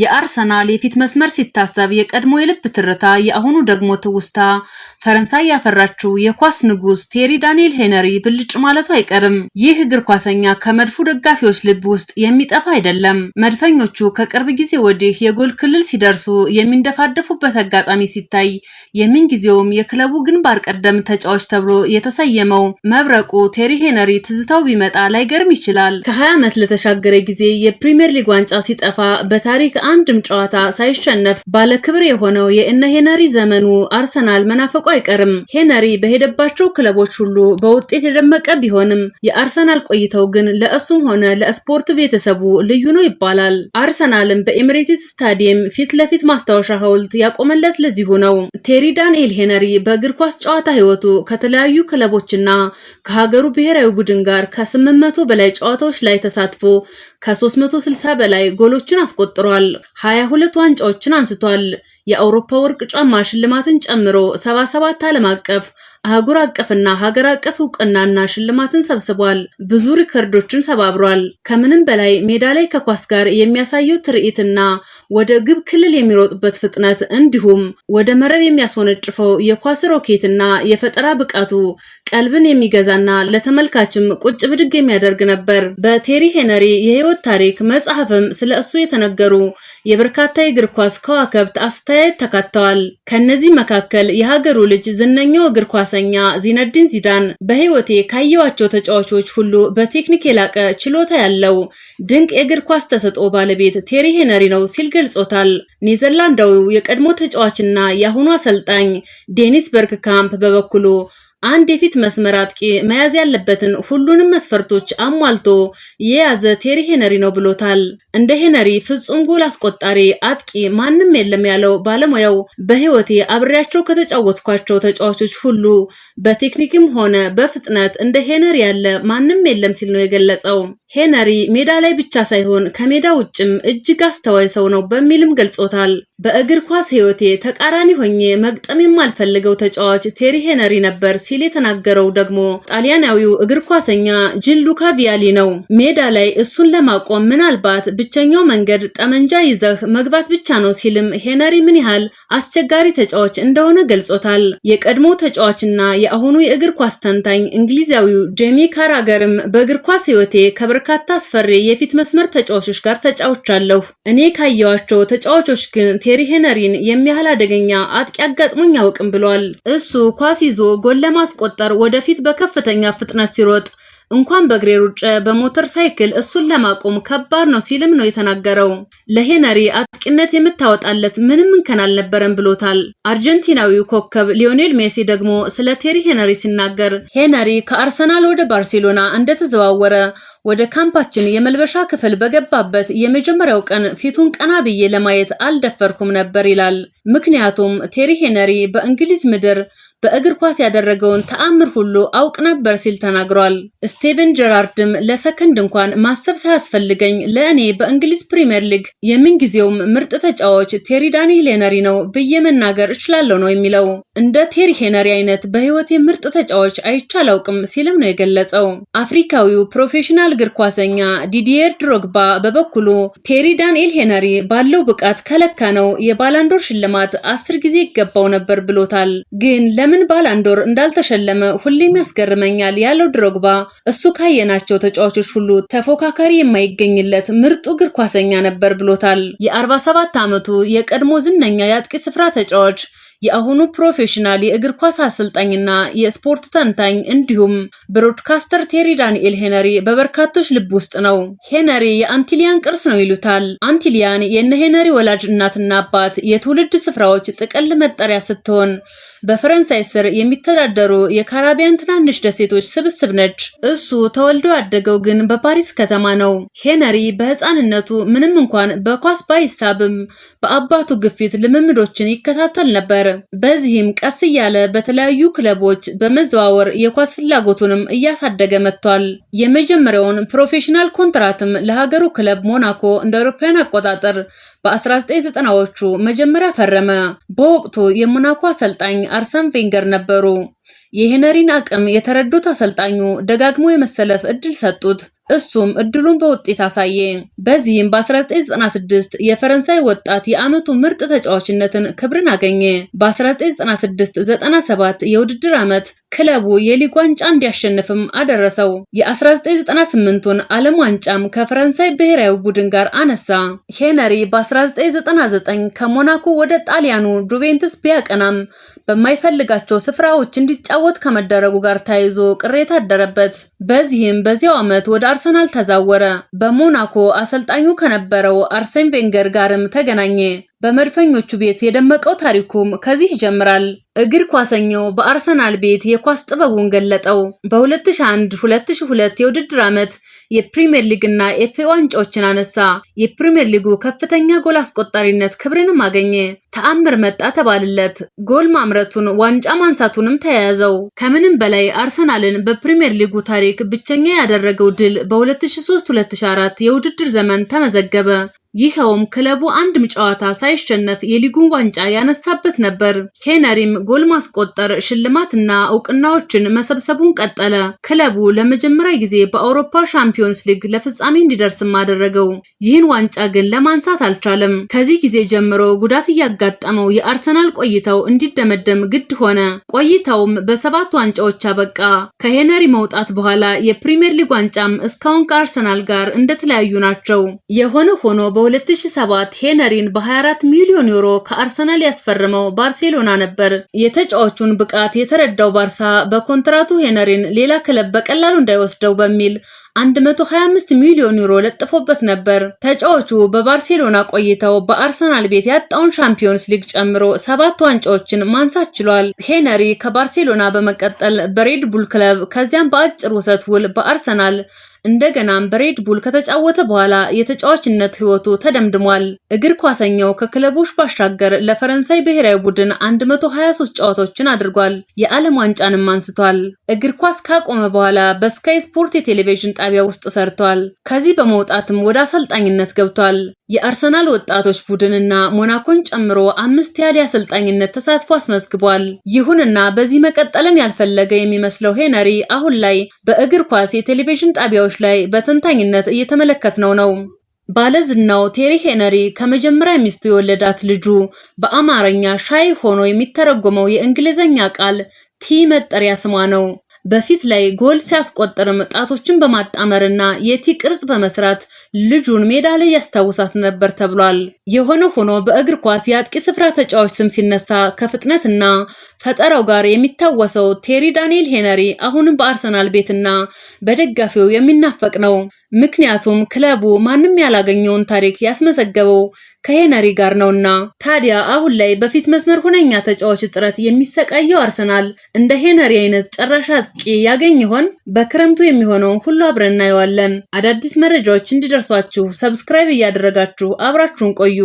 የአርሰናል የፊት መስመር ሲታሰብ የቀድሞ የልብ ትርታ፣ የአሁኑ ደግሞ ትውስታ። ፈረንሳይ ያፈራችው የኳስ ንጉሥ ቴሪ ዳንኤል ሄነሪ ብልጭ ማለቱ አይቀርም። ይህ እግር ኳሰኛ ከመድፉ ደጋፊዎች ልብ ውስጥ የሚጠፋ አይደለም። መድፈኞቹ ከቅርብ ጊዜ ወዲህ የጎል ክልል ሲደርሱ የሚንደፋደፉበት አጋጣሚ ሲታይ የምንጊዜውም የክለቡ ግንባር ቀደም ተጫዋች ተብሎ የተሰየመው መብረቁ ቴሪ ሄነሪ ትዝታው ቢመጣ ላይገርም ይችላል። ከ20 ዓመት ለተሻገረ ጊዜ የፕሪምየር ሊግ ዋንጫ ሲጠፋ በታሪክ አንድም ጨዋታ ሳይሸነፍ ባለክብር የሆነው የእነ ሄነሪ ዘመኑ አርሰናል መናፈቁ አይቀርም። ሄነሪ በሄደባቸው ክለቦች ሁሉ በውጤት የደመቀ ቢሆንም የአርሰናል ቆይተው ግን ለእሱም ሆነ ለስፖርት ቤተሰቡ ልዩ ነው ይባላል። አርሰናልም በኤምሬቲስ ስታዲየም ፊት ለፊት ማስታወሻ ሐውልት ያቆመለት ለዚሁ ነው። ቴሪ ዳንኤል ሄነሪ በእግር ኳስ ጨዋታ ህይወቱ ከተለያዩ ክለቦችና ከሀገሩ ብሔራዊ ቡድን ጋር ከስምንት መቶ በላይ ጨዋታዎች ላይ ተሳትፎ ከ360 በላይ ጎሎችን አስቆጥሯል። 22 ዋንጫዎችን አንስቷል። የአውሮፓ ወርቅ ጫማ ሽልማትን ጨምሮ 77 ዓለም አቀፍ አህጉር አቀፍና ሀገር አቀፍ እውቅናና ሽልማትን ሰብስቧል። ብዙ ሪከርዶችን ሰባብሯል። ከምንም በላይ ሜዳ ላይ ከኳስ ጋር የሚያሳየው ትርኢትና ወደ ግብ ክልል የሚሮጥበት ፍጥነት እንዲሁም ወደ መረብ የሚያስወነጭፈው የኳስ ሮኬትና የፈጠራ ብቃቱ ቀልብን የሚገዛና ለተመልካችም ቁጭ ብድግ የሚያደርግ ነበር። በቴሪ ሄነሪ የህይወት የህይወት ታሪክ መጽሐፍም ስለ እሱ የተነገሩ የበርካታ የእግር ኳስ ከዋክብት አስተያየት ተካተዋል። ከነዚህ መካከል የሀገሩ ልጅ ዝነኛው እግር ኳሰኛ ዚነዲን ዚዳን በህይወቴ ካየዋቸው ተጫዋቾች ሁሉ በቴክኒክ የላቀ ችሎታ ያለው ድንቅ የእግር ኳስ ተሰጥኦ ባለቤት ቴሪ ሄነሪ ነው ሲል ገልጾታል። ኔዘርላንዳዊው የቀድሞ ተጫዋችና የአሁኑ አሰልጣኝ ዴኒስ በርግ ካምፕ በበኩሉ አንድ የፊት መስመር አጥቂ መያዝ ያለበትን ሁሉንም መስፈርቶች አሟልቶ የያዘ ቴሪ ሄነሪ ነው ብሎታል። እንደ ሄነሪ ፍጹም ጎል አስቆጣሪ አጥቂ ማንም የለም ያለው ባለሙያው በሕይወቴ አብሬያቸው ከተጫወትኳቸው ተጫዋቾች ሁሉ በቴክኒክም ሆነ በፍጥነት እንደ ሄነሪ ያለ ማንም የለም ሲል ነው የገለጸው። ሄነሪ ሜዳ ላይ ብቻ ሳይሆን ከሜዳ ውጭም እጅግ አስተዋይ ሰው ነው በሚልም ገልጾታል። በእግር ኳስ ሕይወቴ ተቃራኒ ሆኜ መግጠም የማልፈልገው ተጫዋች ቴሪ ሄነሪ ነበር ሲል የተናገረው ደግሞ ጣሊያናዊው እግር ኳሰኛ ጂን ሉካ ቪያሊ ነው። ሜዳ ላይ እሱን ለማቆም ምናልባት ብቸኛው መንገድ ጠመንጃ ይዘህ መግባት ብቻ ነው ሲልም ሄነሪ ምን ያህል አስቸጋሪ ተጫዋች እንደሆነ ገልጾታል። የቀድሞ ተጫዋችና የአሁኑ የእግር ኳስ ተንታኝ እንግሊዛዊው ጄሚ ካራገርም በእግር ኳስ ሕይወቴ ከበርካታ አስፈሪ የፊት መስመር ተጫዋቾች ጋር ተጫውቻለሁ። እኔ ካየዋቸው ተጫዋቾች ግን ቴሪ ሄነሪን የሚያህል አደገኛ አጥቂ አጋጥሞኝ ያውቅም ብሏል። እሱ ኳስ ይዞ ጎል ለማስቆጠር ወደፊት በከፍተኛ ፍጥነት ሲሮጥ እንኳን በእግሬ ሩጬ በሞተር ሳይክል እሱን ለማቆም ከባድ ነው ሲልም ነው የተናገረው። ለሄነሪ አጥቂነት የምታወጣለት ምንም እንከን አልነበረም ብሎታል። አርጀንቲናዊው ኮከብ ሊዮኔል ሜሲ ደግሞ ስለ ቴሪ ሄነሪ ሲናገር ሄነሪ ከአርሰናል ወደ ባርሴሎና እንደተዘዋወረ ወደ ካምፓችን የመልበሻ ክፍል በገባበት የመጀመሪያው ቀን ፊቱን ቀና ብዬ ለማየት አልደፈርኩም ነበር ይላል። ምክንያቱም ቴሪ ሄነሪ በእንግሊዝ ምድር በእግር ኳስ ያደረገውን ተአምር ሁሉ አውቅ ነበር ሲል ተናግሯል። ስቴቨን ጀራርድም ለሰከንድ እንኳን ማሰብ ሳያስፈልገኝ ለእኔ በእንግሊዝ ፕሪምየር ሊግ የምንጊዜውም ምርጥ ተጫዋች ቴሪ ዳኒ ሄነሪ ነው ብዬ መናገር እችላለሁ ነው የሚለው። እንደ ቴሪ ሄነሪ አይነት በህይወት ምርጥ ተጫዋች አይቼ አላውቅም ሲልም ነው የገለጸው። አፍሪካዊው ፕሮፌሽናል እግር ኳሰኛ ዲዲየር ድሮግባ በበኩሉ ቴሪ ዳንኤል ሄነሪ ባለው ብቃት ከለካ ነው የባላንዶር ሽልማት አስር ጊዜ ይገባው ነበር ብሎታል ግን ለ። ለምን ባላንዶር እንዳልተሸለመ ሁሌም ያስገርመኛል ያለው ድሮግባ እሱ ካየናቸው ተጫዋቾች ሁሉ ተፎካካሪ የማይገኝለት ምርጡ እግር ኳሰኛ ነበር ብሎታል። የ47 ዓመቱ የቀድሞ ዝነኛ የአጥቂ ስፍራ ተጫዋች የአሁኑ ፕሮፌሽናል የእግር ኳስ አሰልጣኝና የስፖርት ተንታኝ እንዲሁም ብሮድካስተር ቴሪ ዳንኤል ሄነሪ በበርካቶች ልብ ውስጥ ነው። ሄነሪ የአንቲሊያን ቅርስ ነው ይሉታል። አንቲሊያን የነ ሄነሪ ወላጅ እናትና አባት የትውልድ ስፍራዎች ጥቅል መጠሪያ ስትሆን በፈረንሳይ ስር የሚተዳደሩ የካራቢያን ትናንሽ ደሴቶች ስብስብ ነች። እሱ ተወልዶ ያደገው ግን በፓሪስ ከተማ ነው። ሄነሪ በህፃንነቱ ምንም እንኳን በኳስ ባይሳብም በአባቱ ግፊት ልምምዶችን ይከታተል ነበር። በዚህም ቀስ እያለ በተለያዩ ክለቦች በመዘዋወር የኳስ ፍላጎቱንም እያሳደገ መጥቷል። የመጀመሪያውን ፕሮፌሽናል ኮንትራትም ለሀገሩ ክለብ ሞናኮ እንደ አውሮፓውያን አቆጣጠር በ1990ዎቹ መጀመሪያ ፈረመ። በወቅቱ የሞናኮ አሰልጣኝ አርሰን ቬንገር ነበሩ። የሄነሪን አቅም የተረዱት አሰልጣኙ ደጋግሞ የመሰለፍ እድል ሰጡት። እሱም እድሉን በውጤት አሳየ። በዚህም በ1996 የፈረንሳይ ወጣት የዓመቱ ምርጥ ተጫዋችነትን ክብርን አገኘ። በ1996 97 የውድድር ዓመት ክለቡ የሊግ ዋንጫ እንዲያሸንፍም አደረሰው። የ1998ቱን ዓለም ዋንጫም ከፈረንሳይ ብሔራዊ ቡድን ጋር አነሳ። ሄነሪ በ1999 ከሞናኮ ወደ ጣሊያኑ ዱቬንትስ ቢያቀናም በማይፈልጋቸው ስፍራዎች እንዲጫወት ከመደረጉ ጋር ተያይዞ ቅሬታ አደረበት። በዚህም በዚያው ዓመት ወደ አርሰናል ተዛወረ። በሞናኮ አሰልጣኙ ከነበረው አርሴን ቬንገር ጋርም ተገናኘ። በመድፈኞቹ ቤት የደመቀው ታሪኩም ከዚህ ይጀምራል። እግር ኳሰኛው በአርሰናል ቤት የኳስ ጥበቡን ገለጠው። በ2001 2002 የውድድር ዓመት የፕሪምየር ሊግ እና ኤፍኤ ዋንጫዎችን አነሳ። የፕሪምየር ሊጉ ከፍተኛ ጎል አስቆጣሪነት ክብርንም አገኘ። ተአምር መጣ ተባልለት። ጎል ማምረቱን ዋንጫ ማንሳቱንም ተያያዘው። ከምንም በላይ አርሰናልን በፕሪምየር ሊጉ ታሪክ ብቸኛ ያደረገው ድል በ2003 2004 የውድድር ዘመን ተመዘገበ። ይኸውም ክለቡ አንድም ጨዋታ ሳይሸነፍ የሊጉን ዋንጫ ያነሳበት ነበር። ኬነሪም ጎል ማስቆጠር፣ ሽልማትና እውቅናዎችን መሰብሰቡን ቀጠለ። ክለቡ ለመጀመሪያ ጊዜ በአውሮፓ ሻምፒዮንስ ሊግ ለፍጻሜ እንዲደርስም አደረገው። ይህን ዋንጫ ግን ለማንሳት አልቻለም። ከዚህ ጊዜ ጀምሮ ጉዳት እያጋጠመው የአርሰናል ቆይታው እንዲደመደም ግድ ሆነ። ቆይታውም በሰባት ዋንጫዎች አበቃ። ከሄነሪ መውጣት በኋላ የፕሪምየር ሊግ ዋንጫም እስካሁን ከአርሰናል ጋር እንደተለያዩ ናቸው። የሆነ ሆኖ በ2007 ሄነሪን በ24 ሚሊዮን ዩሮ ከአርሰናል ያስፈረመው ባርሴሎና ነበር። የተጫዋቹን ብቃት የተረዳው ባርሳ በኮንትራቱ ሄነሪን ሌላ ክለብ በቀላሉ እንዳይወስደው በሚል 125 ሚሊዮን ዩሮ ለጥፎበት ነበር። ተጫዋቹ በባርሴሎና ቆይተው በአርሰናል ቤት ያጣውን ሻምፒዮንስ ሊግ ጨምሮ ሰባት ዋንጫዎችን ማንሳት ችሏል። ሄነሪ ከባርሴሎና በመቀጠል በሬድ ቡል ክለብ ከዚያም በአጭር ውሰት ውል በአርሰናል እንደገናም በሬድ ቡል ከተጫወተ በኋላ የተጫዋችነት ሕይወቱ ተደምድሟል። እግር ኳሰኛው ከክለቦች ባሻገር ለፈረንሳይ ብሔራዊ ቡድን 123 ጨዋታዎችን አድርጓል። የዓለም ዋንጫንም አንስቷል። እግር ኳስ ካቆመ በኋላ በስካይ ስፖርት የቴሌቪዥን ጣቢያ ውስጥ ሰርቷል። ከዚህ በመውጣትም ወደ አሰልጣኝነት ገብቷል። የአርሰናል ወጣቶች ቡድንና ሞናኮን ጨምሮ አምስት ያህል የአሰልጣኝነት ተሳትፎ አስመዝግቧል። ይሁንና በዚህ መቀጠልን ያልፈለገ የሚመስለው ሄነሪ አሁን ላይ በእግር ኳስ የቴሌቪዥን ጣቢያዎች ላይ በተንታኝነት እየተመለከትነው ነው። ባለዝናው ቴሪ ሄነሪ ከመጀመሪያ ሚስቱ የወለዳት ልጁ በአማርኛ ሻይ ሆኖ የሚተረጎመው የእንግሊዝኛ ቃል ቲ መጠሪያ ስሟ ነው። በፊት ላይ ጎል ሲያስቆጥርም ጣቶችን በማጣመርና የቲ ቅርጽ በመስራት ልጁን ሜዳ ላይ ያስታውሳት ነበር ተብሏል። የሆነ ሆኖ በእግር ኳስ የአጥቂ ስፍራ ተጫዋች ስም ሲነሳ ከፍጥነትና ፈጠራው ጋር የሚታወሰው ቴሪ ዳንኤል ሄነሪ አሁንም በአርሰናል ቤትና በደጋፊው የሚናፈቅ ነው። ምክንያቱም ክለቡ ማንም ያላገኘውን ታሪክ ያስመዘገበው ከሄነሪ ጋር ነውና። ታዲያ አሁን ላይ በፊት መስመር ሁነኛ ተጫዋች እጥረት የሚሰቃየው አርሰናል እንደ ሄነሪ አይነት ጨራሻ ያገኝ ይሆን? በክረምቱ የሚሆነውን ሁሉ አብረን እናየዋለን። አዳዲስ መረጃዎች እንዲደርሷችሁ ሰብስክራይብ እያደረጋችሁ አብራችሁን ቆዩ።